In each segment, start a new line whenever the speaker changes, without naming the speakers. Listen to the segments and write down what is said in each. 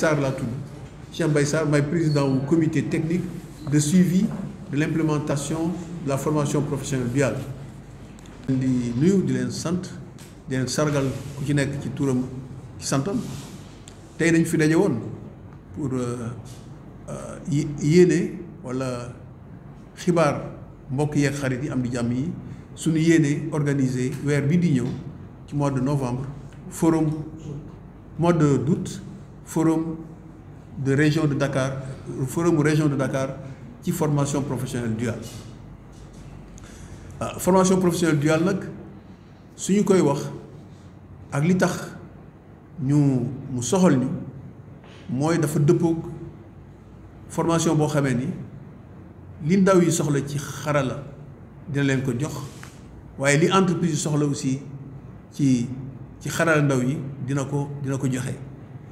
Je suis le président du comité technique de suivi de l'implémentation de la formation professionnelle duale di di centre sargal qui ci ci pour euh, euh, yéene wala qui am mois de novembre forum mois de d'août forum de région de Dakar forum région de Dakar formation professionnelle duale ah, formation professionnelle duale si nous nous koy wax ak li tax ñu mu dafa formation bo xamé ni li ndaw yi soxla ci dina aussi ci ci ndaw yi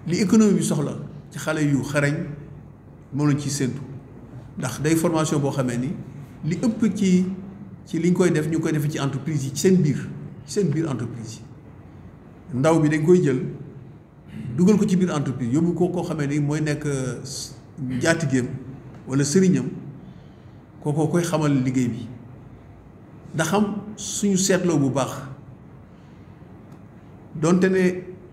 li économie bi soxla ci xale yu xarañ moom lañ ci séntu ndax day formation boo xamee ni li ëpp ci ci liñ koy def ñu ngi koy defee ci entreprise yi ci seen biir ci seen biir entreprise yi ndaw bi dañ koy jël dugal ko ci biir entreprise yóbbu ko koo xamee ni mooy nekk euh, njaatigeem wala sëriñam kookoo koy xamal liggéey bi ndax suñu seetloo bu baax donte ne.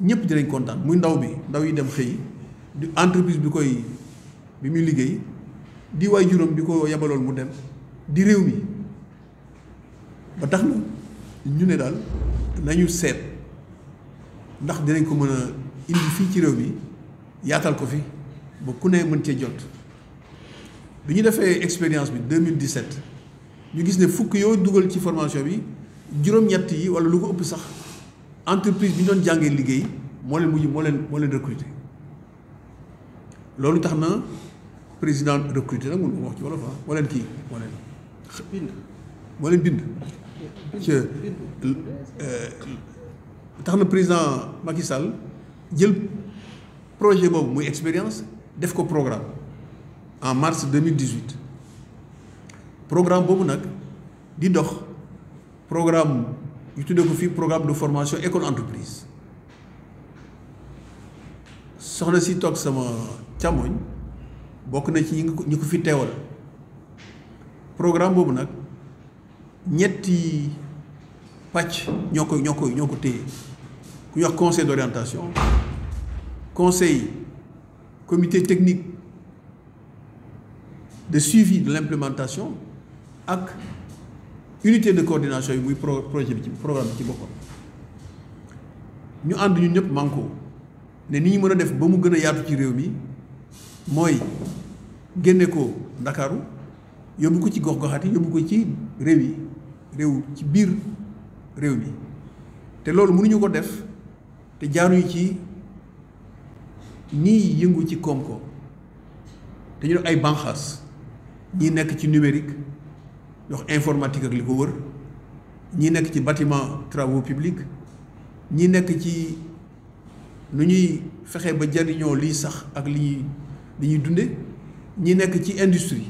ñëpp dinañ kontaan muy ndaw bi ndaw yi dem xëy di entreprise bi koy bi muy liggéey di bi ko mu dem di réew mi ba tax na ñu ne nañu ndax indi fii ci mi yaatal ko fi ba ku ne jot expérience 2017 ñu gis ne fukk ci formation bi entreprise moo leen mujj moo leen moo leen recruter loolu tax na président recruter nag mun nga wax ci wolof ah moo leen kii moo leen. bind moo leen bind. ci euh, tax na président Macky Sall jël projet boobu muy expérience def ko programme en mars 2018 programme boobu nag di dox programme yu tuddee ko fii programme de formation école entreprise soxna si toog sama càmmoñ bokk na ci ñi ko fi teewal programme boobu nag ñetti pàcc ñoo ko ñoo ko ñoo ko téye ku ñuy wax conseil d'orientation conseil comité technique de suivi de l'implémentation ak unité de coordination yi muy projet bi ci programme bi ci boppam ñu ànd ñun ñëpp manko ne ni ñu mën a def ba mu gën a yaatu ci réew mi mooy génne ko ndakaaru yóbbu ko ci gox goxaat yóbbu ko ci réew yi réew ci biir réew mi te loolu mënuñu ko def te jaaruñu ci ñiy yëngu ci koom-koom dañu def ay banqaas ñi nekk ci numérique dox informatique ak li ko wër ñi nekk ci batiment travaux publics ñi nekk ci Nous fexé ba jariñoo li sax ak li ñuy li ñuy dunde ñi nek ci industrie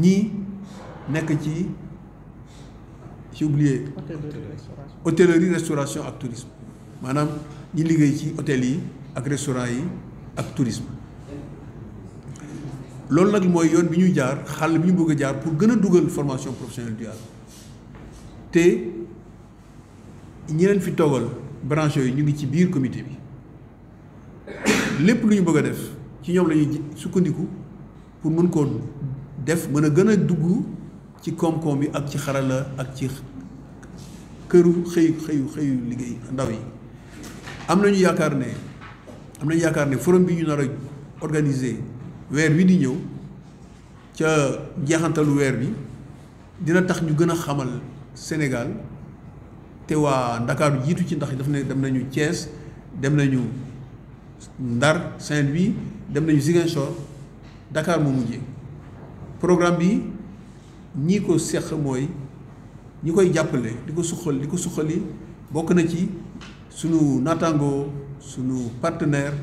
ñi nek ci j'ai oublié hôtellerie restauration ak tourisme manam ñi liggéey ci hôtel yi ak restaurant yi ak tourisme loolu nag mooy yoon bi ñuy jaar xàll bi ñu bëgg a jaar pour gën a dugal formation professionnelle duale te ñi leen fi togal branche yooyu ñu ngi ci biir comité bi lépp lu ñu bëgg a def ci ñoom la ñuy sukkandiku pour mën koo def mën a gën a dugg ci koom-koom bi ak ci xarala ak ci këru xëyu xëyu xëyu liggéey ndaw yi am nañu yaakaar ne am nañu yaakaar ne forum bi ñu nar a organiser weer wi di ñëw ca jeexantalu weer bi dina tax ñu gën a xamal Sénégal te Dakar, Dakar ci ndax daf Saint-Louis dem nañu Ziguinchor Dakar nous mujjé programme bi ñi ko ñi koy diko partenaire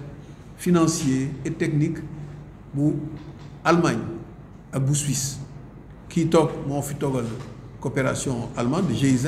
financier et technique bu Allemagne ak Suisse qui top mon fi coopération allemande GIZ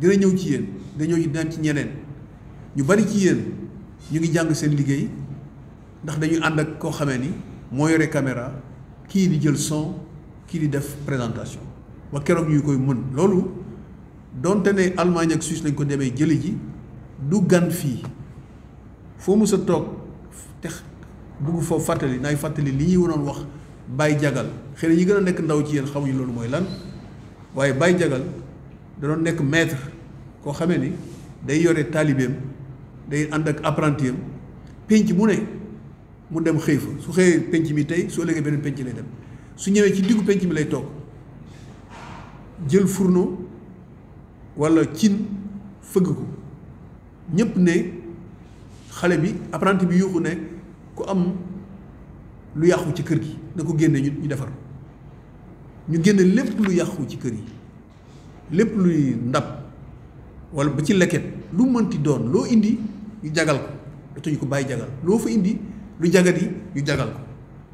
dina ñëw ci yéen dina ñëw dina ci ñeneen ñu bari ci yéen ñu ngi jàng seen liggéey ndax dañuy ànd ak koo xamee ni moo yore caméra kii di jël son kii di def présentation ba keroog ñu koy mën loolu donte ne Allemagne ak Suisse lañ ko demee jëli ji du gan fii foo mës a toog tex bugg foofu fàttali naay fàttali li ñuy wonoon wax bàyyi jagal xëy na ñi gën a nekk ndaw ci yéen xamuñu loolu mooy lan waaye bàyyi jagal danoon nekk maître koo xamee ni day yore taalibeem day ànd ak apprenti am pénc mu ne mu dem xëy fa su xëyee pénc mi tey soo léegi beneen pénc lay dem su ñëwee ci diggu pénc mi lay toog jël furno walla cin fëgg ko ñépp ne xale bi apprenti bi yuuxu ne ku am lu yàqu ci kër gi na ko génne ñu ñu defar ñu génne lépp lu yàqu ci kër yi lépp luy ndab wala ba ci leket lu mënti doon loo indi yu jagal ko dootuñu ko bàyyi jagal loo fa indi lu jagat yi ñu jagal ko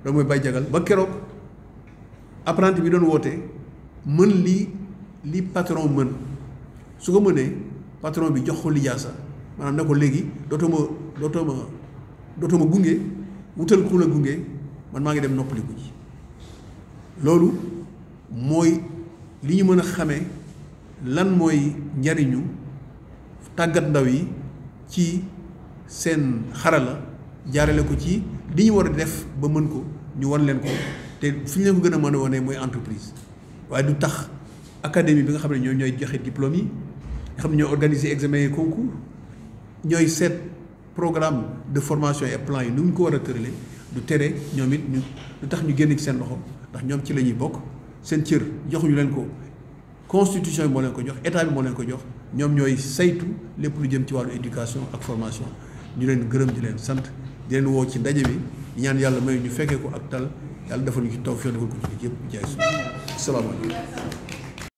loolu mooy bàyyi jagal ba keroog apprenti bi doon woote mën lii li patron mën su ko mënee patron bi jox ko lijaasa maanaam na ko léegi dootoo ma dootoo ma dootoo gunge wutal ku la gunge man maa ngi dem noppaliku ji loolu mooy li ñu mën a xamee lan mooy njariñu tàggat ndaw yi ci seen xarala jaarale ko ci li ñu war a def ba mën ko ñu wan leen ko te fi ñu leen ko gën a mën a wane mooy entreprise waaye du tax académie bi nga xam ne ñoo ñooy joxe diplôme xam ne ñooy organiser examen yi concours ñooy seet programme de formation et plan yi nu ñu ko war a tërale du tere ñoom it ñu du tax ñu génn ci seen loxo ndax ñoom ci la ñuy bokk seen cër joxuñu leen ko constitution bi ko jox état bi moo leen ko jox ñoom ñooy saytu lépp lu jëm ci wàllu éducation ak formation ñu leen gërëm di leen sant di leen woo ci ndaje bi ñaan yàlla may ñu fekkee ko ak tal yàlla defal ñu ci taw ci